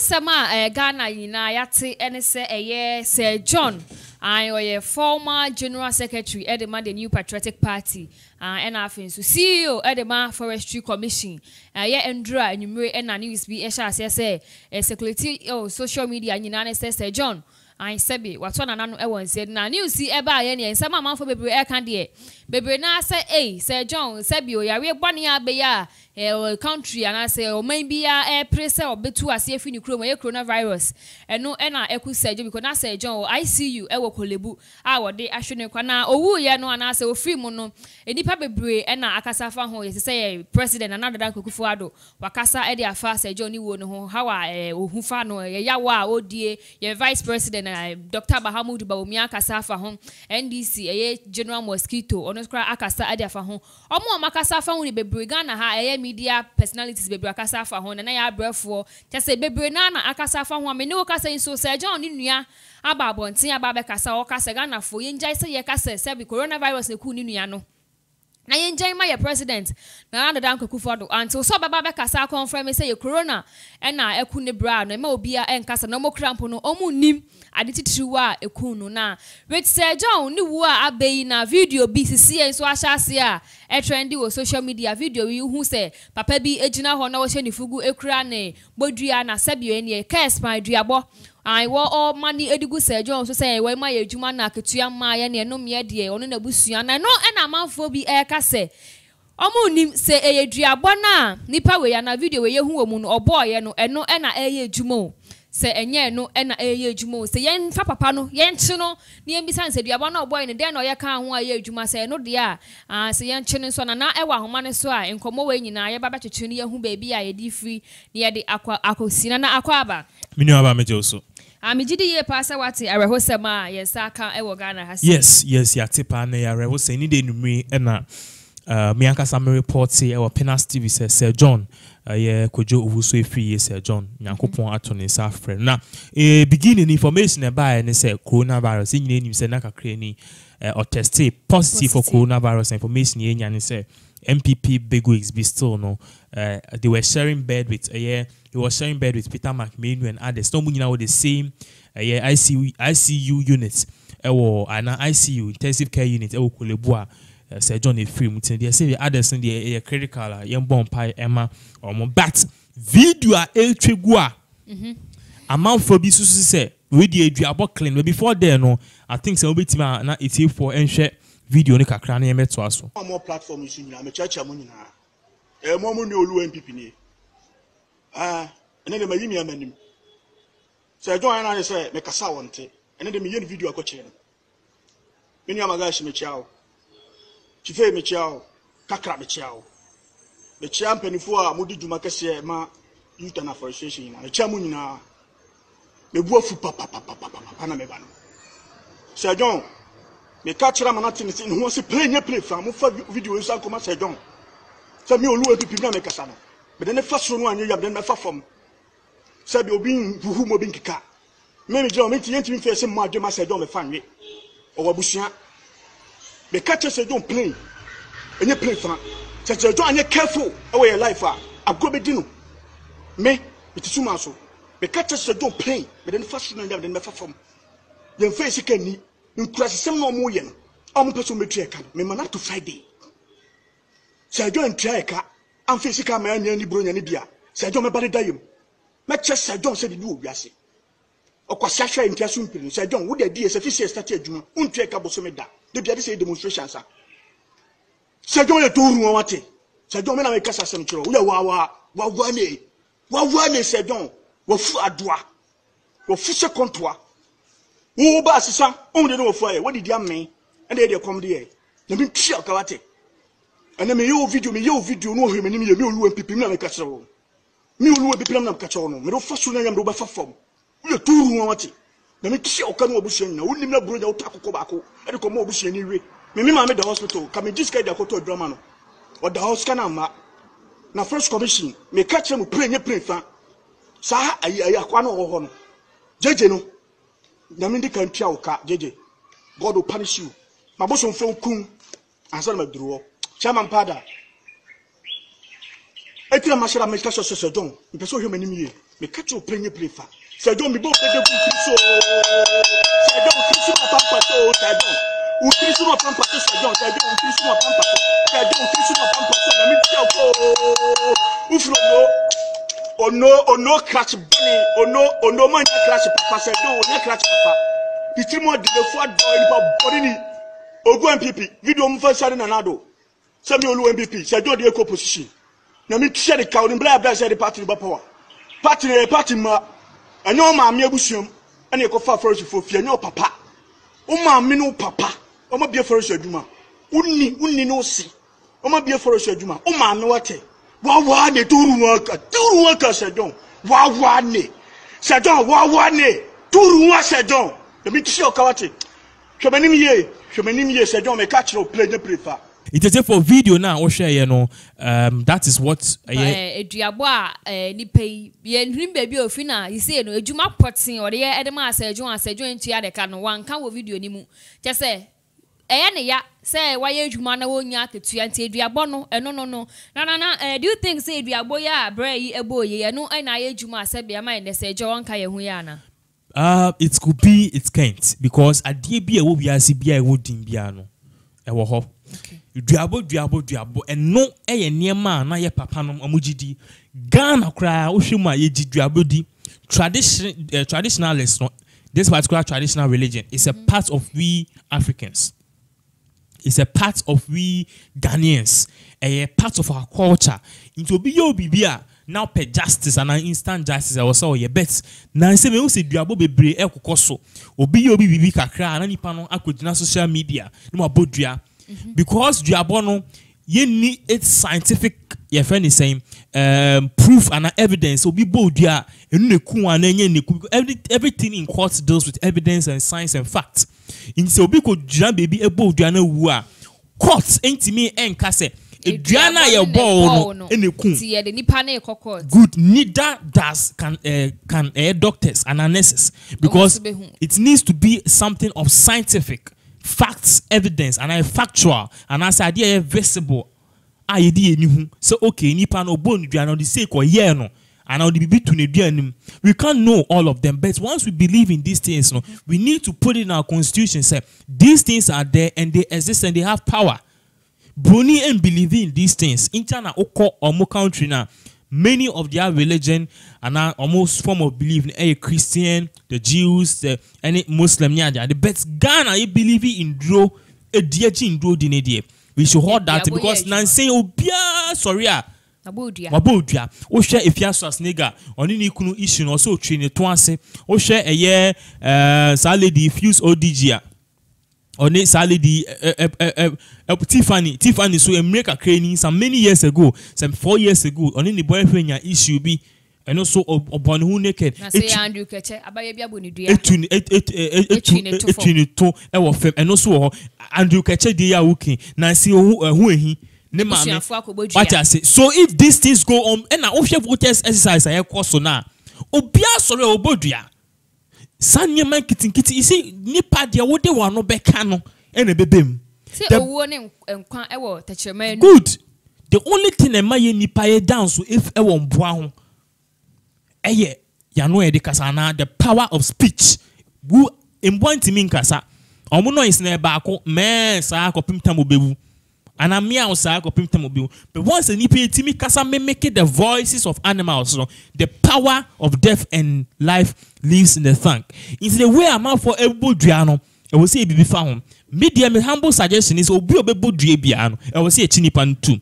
asɛm a ɛyɛ eh, ghana nyinaa yɛate ne sɛ ɛyɛ sir john an ɔyɛ former general secretary ɛde ma the new patriotic party ɛna afei nso ceo ɛde ma forestry commission ɛyɛ ndura enyimire ɛna news bi ɛhyɛ aseɛ sɛ ɛsɛkuleti eh, ɛwɔ oh, social media nyinaa ne sɛ sir john an sɛbi wato nana ɛwɔ nsɛm na news yi ɛbaa yɛ ne yɛn nsɛm a amanfoɔ bebree ɛka deɛ bebree naa sɛ ei sɛ john sɛbi oyareɛ bɔne abeya a ɛwɔ eh, country anaasɛ ɔman bi a ɛpere sɛ ɔbɛtu aseɛ fi ne kurom ɛyɛ coronavirus ɛno ɛna ɛko sɛ john because na sɛ john wɔ icu ɛwɔ kolebu a wɔde ahwɛ ne kwa na owuiɛ no anaasɛ ofiri mu no nnipa bebree ɛna akasa afa ho yɛsɛ sɛ yɛ eh, president nana dada nkokufo ado wakasa ɛde afa sɛ john wo ne ho how a ɛɛ eh, ohun fa no yɛyawo a odie yɛ vice president ɛɛ dr bahamudu bawumia akasa afa ho ndc ɛyɛ general mosquito ɔno no koraa akasa ade afa ho ɔmo a ɔmo akasa afa ho ne bebree ghana ha ɛyɛ media personalities bebree akasa afa ho na yɛ abrɛfoɔ kyɛ bebree naa na akasa afa ho a mene wo kasa nso sɛ ɛgya ɔne nua aba abɔnten aba abɛkasa ɔkasa ghanafoɔ yɛngyae sɛ yɛkasa sɛbi coronavirus ne kuu ne nua no na yɛn nkyɛn ma yɛ president na yɛn adada nkokufoɔ do ante so ɔbɛba bɛkasa akɔnfra mi sɛ yɛ corona ɛna ɛku ne bra no ɛma obiara ɛnkasa na ɔmo kura mpo no ɔmo nim ade titiriwa a ɛku no na retisɛ john ne wu a abɛ yi na video bi sisi yɛn nso ahyɛ ase a ɛtrendi wɔ social media video yi hu sɛ papa bi egyina hɔ na wɔhyɛ ne fugu ekura ne bodua na sɛbi yɛn yɛ kɛɛs pan duabɔ Oh, anyị ɔma ne ɛde gu sɛ john so sɛ ɛwɔ ya yɛ adwuma na aketewa mma yɛ ne ɛnom deɛ ɔno na ɛno ɛna amanfoɔ bi ɛreka sɛ ɔmo nim sɛ ɛyɛ duabɔ na a nipa wei ana video wei wɔ mu no no ɛno ɛna adwuma o sɛ ɛnyɛ ɛna adwuma o sɛ yɛn fa papa no yɛn kye no ne yɛn bisa no na ɔyɛ kan ho a adwuma sɛ ɛno deɛ a ah, sɛ yɛn kye no nso na na ɛwɔ e, ahoma a nkɔmɔ wɔ nyinaa yɛba bɛkyekyere no a yɛde firi yɛde akɔ na na akɔ aba. aba amegyediye paa sɛ wate awerɛhosɛm a yɛnsa aka wɔ ghana ha yes yes yɛate paa e na yɛawerɛhosɛm ne de numeri ɛna uh, me ankasa me report ɛwɔ e penas tv sɛ sir john ɛyɛ uh, kojo owusu efiri yie sir john nyankopɔn mhm. ato ne nsa afrɛ na ee beginning information ɛbaayɛ e ne sɛ coronavirus ɛnyina enim sɛ na kakra ni ɔtɛste uh, positive for coronavirus information yɛ nya ne sɛ npp big bi still no uh, they were sharing bed with uh, yeah, he was sharing bed with Peter McMahon and others. No, you know the same uh, yeah, ICU ICU units. unit. Uh, ɛwɔ an ICU intensive care unit ɛwɔ uh, Kulebu uh, Sir John efiri mu They say the others in the ɛyɛ critical a yɛn bɔ mpa ɛma wɔn but video a ɛretwa gu a amanfoɔ bi nso sɛ wɔdi about clean but before then no I think sɛ wɔbɛtumi a na etiefoɔ nhwɛ video no kakra na yɛn bɛtoa so. wɔn platform yi so nyinaa mɛ kyerɛkyerɛ mu nyinaa ɛmɔ eh, mu ni olu npp ni ɛne de ma yi mi ama nim sɛ ɛjɔn yɛn n'ayɛ sɛ mɛ kasa wɔn ti ɛne de mi yɛ ni video akɔkyerɛ no mi ni amaga ɛhyɛ mi kyia o kyife mi kyia o kakra mi kyia o mi kyia mpanyinfoɔ a mo di dwuma kɛseɛ ma youth na afforestation nyinaa mi kyia mu nyinaa mi bu afu papapapapa na mi ba no sɛ ɛjɔn mi ka kyerɛ ama na ti ne ho si play nye play fa mo fa video nsa nkɔma sɛ ɛjɔn sɛ mi olu ebi pim na mi kasa no mede ne fa soro no anyɛ yam de ne fa fam sɛbi obi nhuhu mu obi nkeka mi mi gyina omi ti yɛn ti mi fɛ sɛ mu adwuma sɛ dɔn mi fa nwe ɔwɔ abusua mi ka kyerɛ sɛ dɔn plane enye plane fana sɛ kyerɛ dɔn anyɛ careful ɛwɔ yɛ life a agorɔ bɛ di no mi mi ti suma so mi ka kyerɛ sɛ dɔn plane mede ne fa soro no anyɛ yam de ne fa fam yɛn fɛ sika ni nkura sisɛm na ɔmo yɛ no ɔmo pɛ sɛ ɔmo etu yɛ ka no mi ma na to friday sɛ ɛdwɔ ntia ɛka amfe sika ma ɛnyɛ ni buro nyane bia sɛ ɛdwɔ mɛba deda yam mɛkyɛ sɛ ɛdwɔ sɛ bibi wɔ wiase ɔkwasi ahwɛ ntia so mpirin sɛ ɛdwɔ wode adi yɛ sɛ fi sɛ ɛstate adwuma wontua ɛka bosome da de bia de sɛ demonstration sa sɛ ɛdwɔ yɛ toru wɔn wate sɛ ɛdwɔ mɛna mɛka sa sɛm kyerɛ woyɛ wawa wawa ne wawa ne sɛ ɛdwɔ wafu adoa wafu sɛ kɔntoa wo ba asesa ohun de ne wafu ayɛ wodidi amee ɛna yɛ deɛ kɔm de yɛ na bi ntua ɔkawate ɛnɛ meyɛ wo video meyɛ wo video No, ɔhwɛ m'anim yɛ me oluwa mpipi mi na meka kyerɛ wo me oluwa mpipi na meka kyerɛ wo no mede wofa so no nya mede wobɛfa fam woyɛ tuuru wa wate na mekyia woka ne wabusua nyina wonim no aburo nya wotɔ akokɔ baako ɛde kɔma wabusua ni we meme maame da hospital ka megye sika de akɔtɔ adwama no ɔda hɔ sika no amma na first commission meka kyerɛ mu pre nyɛ pre fa saa ayi ayi akoa no ɔwɔ hɔ no gyegye no nyame de ka ntua wo ka gyegye god will punish you mabosomfo kum ansa na maduru hɔ chairman pada etira mahyɛda meka sɛ sɛ sɛ dɔn mepɛ sɛ ohwɛ m'anim yie meka kyerɛ ɔpɛ nyɛ pire fa sɛ dɔn mebɛ ɔpɛ dɛ kutiri so sɛ dɔn wotiri so ɔpampa so sɛ dɔn wotiri so ɔpampa so sɛ dɔn sɛ dɔn wotiri so ɔpampa so sɛ dɔn wotiri so ɔpampa so na metia ko wofiri ɔno ɔno ɔno crash bane ɔno ɔno ɔma nyɛ crash papa sɛ dɔn ɔnyɛ crash papa titiri mu ɔdi ne fo adɔ nipa bɔne ni ogu npp video mu fɛ sɛ ne nana do sɛmi olu npp sɛ ɛjɔ de ekɔ position na mi hyɛ de kaw ni mbila abira sɛ de party ba power party na yɛ party ma ɛnyɛ wɔn maame ebusuam ɛna ekɔ fa afɔrɛsi fo fie ɛnyɛ wɔn papa wɔn maame ne wɔn papa wɔn abie afɔrɛsi adwuma wunni wunni ne wosi wɔn abie afɔrɛsi adwuma wɔn maame wɔtɛ wawa ne tuuru wɔn aka tuuru wɔn aka sɛ dɔn wawa ne sɛ dɔn wawa ne tuuru wɔn asɛ dɔn na mi hyɛ ɔkawate hwɛ mɛ nim yie hwɛ mɛ nim yie sɛ dɔn mɛ ká kyerɛ o pere ne pere fa. It is for video now. Or share, you know. Um, that is what. Uh, eh, eduabo a eh, nipa yi yɛn nhun beebi ofin na yi se no edwuma pɔtin ɔde yɛ ɛde ma asɛdwo asɛdwo ntua deka no wanka wɔ video ni mu kyɛ sɛ ɛyɛ ne ya sɛ wayɛ adwuma na wɔnya akatua nti aduabɔ no ɛno eh, no no na ɛɛ do you think sɛ aduabɔ yɛ a brɛ yi ɛbɔ yi ɛno ɛna ayɛ adwuma asɛ bia ma yɛ dɛ sɛ ɛgyɛ wɔn ka yɛn ho yɛ ana. Uh, it could be it can't because adeɛ bi a ɛwɔ wiase bi a ɛwɔ din bi ano ɛwɔ hɔ duabɔ duabɔ duabɔ ɛno yɛ nneɛma a na yɛ papa no ɔmo gye di ghana koraa wohwɛ mu a yɛgye duabɔ di tradition uh, eh, traditionalist no this particular traditional religion is a part of we africans is a part of we ghanaians ɛyɛ part of our culture nti obi yɛ obibi a now per justice and instant justice ɛwɔ sɛ ɔyɛ bet na nsɛm ehu sɛ duabɔ bebree ɛkokɔ so obi yɛ obi bibi kakra a na nipa no akɔgyina social media na mu abɔ dua. Mm-hmm. because duabɔ no yɛnni scientific yɛfɛ ne sɛn um, proof and evidence obi bɔ odua enu ne kun wa n'enye ne kun every everything in court deals with evidence and science and fact nti obi ko gyina beebi ebɔ odua na wu a court ntumi nka sɛ edua na yɛ bɔɔl no ɛna kun ti yɛ de nipa na court good neither does can uh, can uh, doctors and nurses because it needs to be something of scientific facts evidence and I factual and anaasɛ I ɛyɛ visible a ah, yɛde yɛn ni ho sɛ okay nipa no ɔbɔ ne dua na ɔde sake ɔyɛɛ no and I'll be to Nedianim. We can't know all of them, but once we believe in these things, no, we need to put in our constitution, say these things are there and they exist and they have power. Bruni and believing in these things, Intana Oko or more country now many of their religion and almost form of belief in hey, eh, Christian, the Jews, the eh, any Muslim yeah, they are the best Ghana you believe in draw a eh, deity in draw the We should hold that because Nancy Obia sorry ah. wabodua wohwɛ efi aso asnega ɔne ne kunu issue na ɔsɛ otwi ne to ase wohwɛ ɛyɛ saa lady fuse odg a ah ɔne saa lady tiffany tiffany so mmerɛ kakra ni some many years ago some four years ago ɔne ne boyfriend nya issue bi ɛno so ɔbɔ ne eh, eh, eh, ho naked etu ne to ɛwɔ fam ɛno so wɔ hɔ andrew kɛkyɛ deɛ yɛ a wokin nansi ɛho ehi ne maame wate ase so if these things go on ɛna wohwɛ voters exercise a yɛkɔ so na obiara sɔrɔ a ɔbɔ dua saa nneɛma nketenkete yi nipa deɛ wode wɔn ano bɛka no ɛna ɛbɛbɛ sɛ owuo ne nkwa ɛwɔ tɛkyerɛma yɛn. good the only thing ɛma yɛ nipa yɛ dan so ɛwɔ mboa ho ɛyɛ yano yɛ de kasa anaa the power of speech wu mboa ntumi nkasa ɔmo noise na ɛbaako mɛɛ saa akɔpem tam ɔbɛwu anaa mmea a saa kɔpem tam obi but once nipa etimi kasa mimiki the voices of animals no the power of death and life lives in the tank nti the way amanfoɔ ɛbɔ dua no ɛwɔ sɛ ebibi fa ho mi deɛ mi humble suggestion is obi a ɔbɛbɔ dua biara no ɛwɔ sɛ ekyi nipa no tum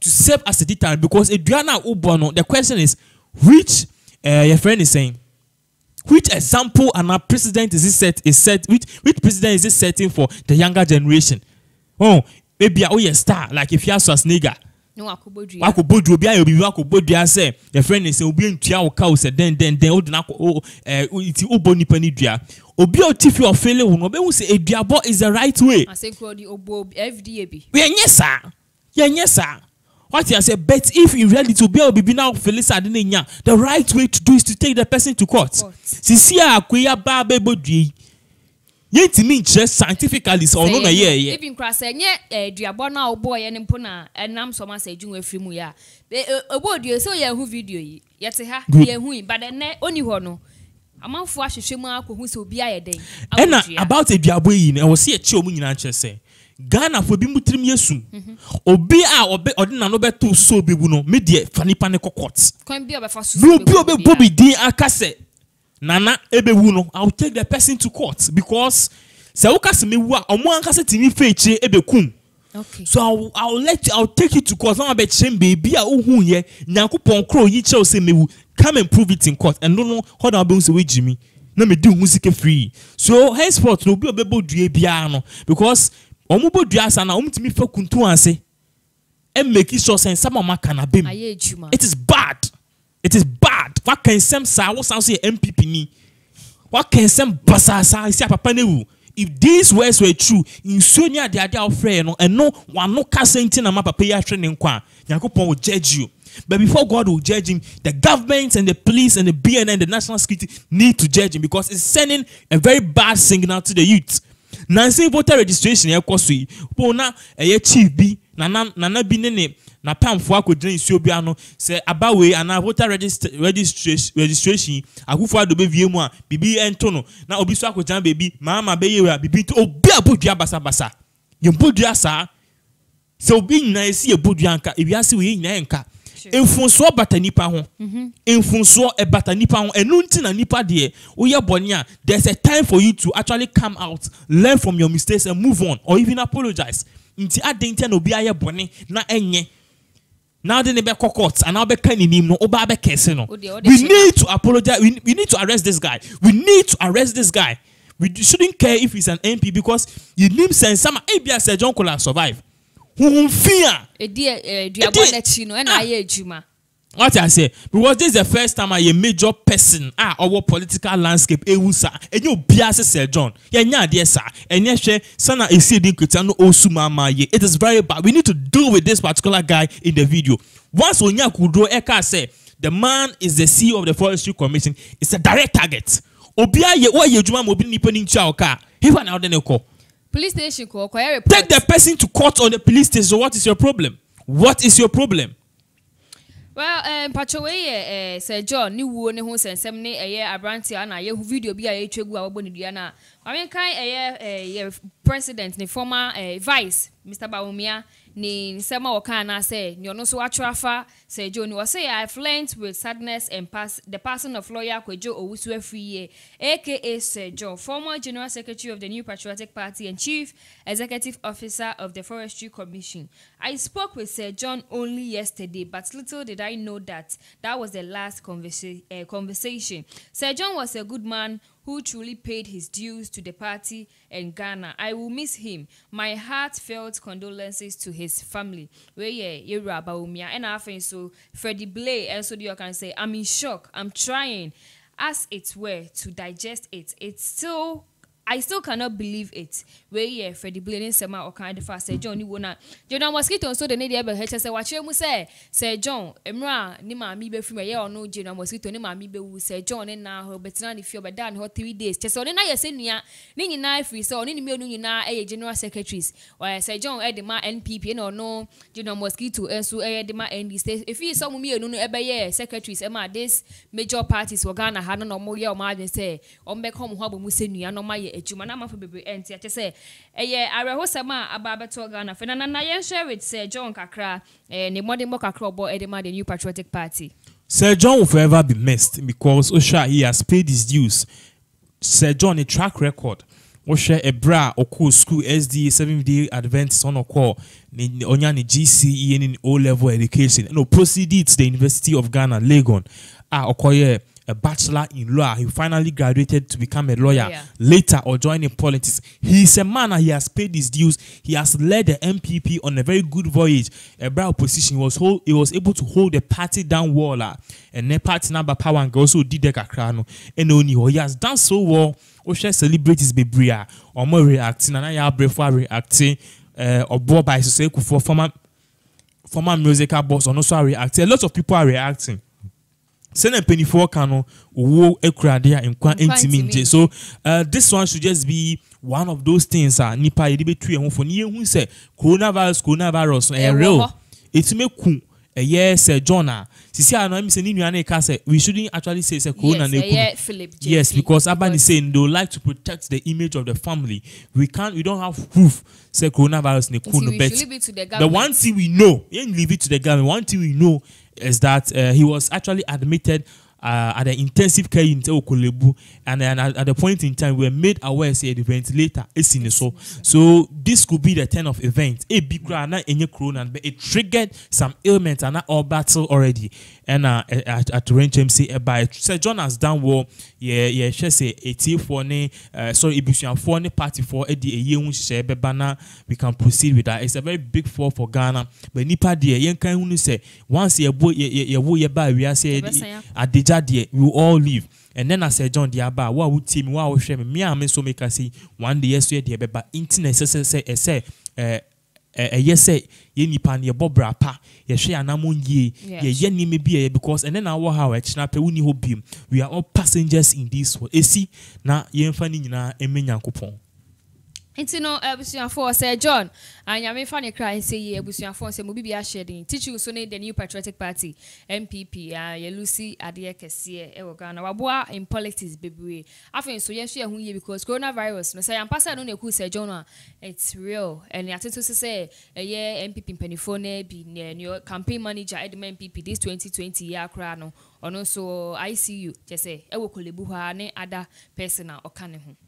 to serve as a deterrent because edua na wobɔ no the question is which uh, your friend is saying which example and our president is he set is set which which president is he setting for the younger generation oh ebi a woyɛ star like efi aso asnega wakɔbɔ dua obi ayɛ obibi wakɔbɔ dua sɛ yɛfrɛ ne sɛ obi ntua wo ka wo sɛ dɛn dɛn dɛn wode no akɔ ɛɛ ti wobɔ nipa no dua obi a ɔte fi ɔfele wo no ɔbɛhu sɛ eduabɔ is the right way. asekurɔ di obo fda bi. yɛnyɛ saa yɛnyɛ saa wati ase but if in reality obi a obibi na felisa adi ne nya the right way to do is to take the person to court sisi a akoya ba abɛbɔ dua yi mi nkyerɛ scientifically sɛ ɔno na yɛɛyɛ ebi nkura sɛ nyɛ eh, duabɔ no a wobɔɔyɛ no mpo na ɛnam sɔm asɛ adwu ho afiri mu yɛ a ɔbɔ e, e, odue sɛ yɛn ho video yi yɛte ha yɛn ho yi but ɛnɛ ɔni hɔ no amanfoɔ ahwehwɛ mu akɔhu sɛ obi ayɛ dɛn ɛna about aduabɔ yi no ɛwɔ sɛ yɛkyɛ ɔmo nyinaa kyerɛ sɛ ghana fo bi mu tirim yɛ su mhm. obi a ɔbɛ ɔde nano bɛto so bi bu no mi deɛ fa nipa ne kɔ court kwan bi a ɔbɛfa so so nana ebewu no i will take the person to court because sɛ woka sɛ mewu a ɔmo ankasa tìmi fɛ ekyire ebekum okay so i will i will let i will take you to court na wabɛ kyerɛ mi beebi a ohun yɛ nyankopɔn koro yi kyerɛw sɛ mewu come and prove it in court ɛno no hɔ na wabɛhu sɛ wagyi mi na mi di ohun sika free so henceforth na obi a ɔbɛbɔ dua biara no because ɔmo bɔ dua asa na ɔmo tìmi fɛ kuntun ase ɛmɛki sɔ sɛ nsɛm a ɔmo aka na bɛm it is bad it is bad waka nsɛm saa wosan so yɛ npp ni waka nsɛm basaasa esi apapa ne wu if these words were true nsuo ni adeade a wɔfrɛ yɛ no ɛno no kasa nti na ma papa yi ahwɛ ne nkwa nyankopɔn will judge you but before God will judge him the government and the police and the BNN and the national security need to judge him because it's sending a very bad signal to the youth Nancy voter registration yɛ kɔ so yi pon na ɛyɛ chief bi nana nana bi ne ne na pamfoɔ akɔgyina nsuo bi ano sɛ aba wei anaa voter registration akufo ado bɛwie mu a biribi nto no na obi nso akɔgyina baabi maama bɛyɛ wura biribi nto obi a bodua basabasa yɛn bodua saa sɛ obi nyinaa yɛsi yɛ bodua nka ewiase wei nyinaa yɛ nka mfunsoɔ bata nipa ho mm-hmm. mfunsoɔ ɛbata nipa ho ɛnu nti na nipa deɛ woyɛ bɔnni a there is a time for you to actually come out learn from your mistakes and move on or even apologize nti adantia na obi ayɛ bɔnni na ɛnyɛ now then they court and now be him no oba be kese no we need to apologize we, we need to arrest this guy we need to arrest this guy we shouldn't care if he's an mp because he name sense sama ebia sir john kola survive hunhun eh, ah! fi a. that? You know, no ɛna ayɛ adwuma what I say because this is the first time I a major person ah ɔwɔ political landscape ewu sa enye obi ase sɛ John yɛnyɛ adeɛ sa enye hwɛ sana esi edi nkuta no osu ma ye. it is very bad we need to deal with this particular guy in the video once onye akuduro eka sɛ the man is the CEO of the forestry commission it's a direct target obi ayɛ wɔyɛ adwuma ma obi nipa ni nkyɛn ɔka hifa na ɔde ne kɔ. police station kɔ ɔkɔ yɛ report. take the person to court on the police station so what is your problem what is your problem well um, mpakyɛwɛ yɛ eh, eh, eh sɛ john ne wuo ne ho sɛnsɛm ne ɛyɛ eh, aberanteɛ ana yɛhu video bi a yɛtwa gu a wɔbɔ ne dua no a mamekan ɛyɛ eh, eh president ne former vice mr bawomia ne nsɛm a wɔka anaasɛ ne ɔno nso atwerɛ afa sɛ gyo ne wɔse i have learnt with sadness and pass, the passing of lawyer akwadwo owusu afiriye aka sir john former general secretary of the new patriotic party and chief executive officer of the forestry commission i spoke with sir john only yesterday but little did i know that that was the last conversa uh, conversation sir john was a good man who truly paid his dues to the party and Ghana. I will miss him. My heartfelt condolences to his family. Where Yera Baumia and Afin so Freddie Blay and so you can say I'm in shock. I'm trying as it were to digest it. It's still I still cannot believe it. Wey yɛ Freddie Blaine sɛm a ɔkan de fa Sir John ni wo na. Jonah Mosquito nso de ne deɛ bɛhɛ kyɛ sɛ wakyerɛ mu sɛ Sir John mmerɛ a ne maame bɛfiri mu ɛyɛ ɔno Jonah Mosquito ne maame bɛwu Sir John ne na hɔ bɛtena ne fie ɔbɛda ne hɔ three days. Kyɛ sɛ ɔne na yɛ sɛ nua ne nyinaa firi sɛ ɔne ne eh, mmienu nyinaa ɛyɛ general secretaries. Ɔyɛ Sir John ɛde eh, ma NPP ɛna eh, ɔno Jonah Mosquito nso ɛyɛ de ma NDC. Efi sɛ ɔmo mmienu no ɛbɛyɛ secretaries ɛma this major parties wɔ Ghana ha no na ɔmo yɛ ɔmo adwene sɛ ɔmo bɛka ɔmo ho abɔ mu sɛ nua na ɔmo ayɛ adwuma na amanfo bebree ɛnti eh, akyɛ sɛ ɛyɛ awerɛhosɛm a aba abɛto ghana fɛ na yɛnhwɛ with sir john kakra eh, ne mmɔdenbɔ kakra ɔbɔ de ma the new patriotic party sir john will forever be missed because osha he has paid his dues sir john a track record wohwɛ ɛberɛ a ɔkɔɔ school sda Seven day adventist ɔna ɔkɔɔ ɔnya ne gce ne o e, level education ɛna proceeded to the university of ghana legon a ah, ɔkɔyɛ a bachelor in law. He finally graduated to become a lawyer yeah. later or joining politics. He is a man and he has paid his dues. He has led the MPP on a very good voyage. A brow position. He was, hold, he was able to hold the party down well. Uh, ah. and the party number power and also did the kakrano. And only oh, he has done so well. Osha oh, celebrities be bria. Ah. Or more reacting. And I have before reacting. Eh, or brought by Sosekufu, former former musical boss, and also reacting. A lot of people are reacting sɛnɛ mpanyinfoɔ ka no owó ekura ade a nkwa ntumi nje so uh, this one should just be one of those things a ah, nipa yɛ de yɛn ho fo ni yɛn hu sɛ coronavirus coronavirus ɛyɛ eh, real etumi ku ɛyɛ sɛ john a sisi a na mi sɛ ne nua ne ka sɛ we shouldn't actually say sɛ corona ne kun yes because abani say they would like to protect the image of the family we can't we don't have proof Say coronavirus ne kun no bet the one thing we know yen leave it to the government one thing we know is that uh, he was actually admitted uh, at the intensive care unit ɛwɔ kolebu and then at, at the point in time we were made aware say the ventilator esi ne so so this could be the turn of event ebi kura ana enye corona but it triggered some ailments ana all battle already And uh, at ɛna atoran kyɛm se ɛba sɛ jonas danwɔ yɛ yɛhwɛ sɛ etiefoɔ ne ɛɛ uh, sorry ebusuafoɔ ne partyfoɔ ɛde eyi ehu hyehyɛ ɛbɛba na we can proceed with that it's a very big fall for ghana but nipa deɛ yɛn kan hu ne sɛ once yɛbo yɛ yɛwo yɛba awia sɛ ɛde gya deɛ you all live ɛnɛ na sɛ john deɛ aba a wo a wotie mi wo a wohwɛ mi mi a mi nso mi ka sɛ one day yɛsɔ yɛ deɛ bɛba nti na ɛsɛ yes, ɛsɛ ɛɛ ɛyɛ sɛ yɛ nipa no yɛbɔ bra pa yɛhwɛ anamɔ yie yɛyɛ nneɛma bi yɛyɛ because ɛnɛ na awɔ ha a ɛkyena pɛ wo ni hɔ biem we are all passengers in this world esi na yɛmfa ne nyinaa ɛmɛ nyankopɔn nti no eh, abusuafoɔ sɛ john anyame ah, fa ne kra sɛ yi abusuafoɔ sɛ mu bibi ahyɛ den tikyi nso ne the new patriotic party (MPP). a ah, yɛlusi adeɛ kɛseɛ ɛwɔ ghana waboa in politics bebree afei nso yɛn nso yɛn yie because coronavirus no sɛ yampasa no na sɛ john a ah, it's real ɛne eh, atete so sɛ ɛyɛ MPP. mpanimfoɔ na bi ne ne campaign manager ɛde ma npp this 2020 twenty year akora no ɔno nso icu kyɛ sɛ ɛwɔ kolebu hɔ a ne ada person a ɔka ne ho.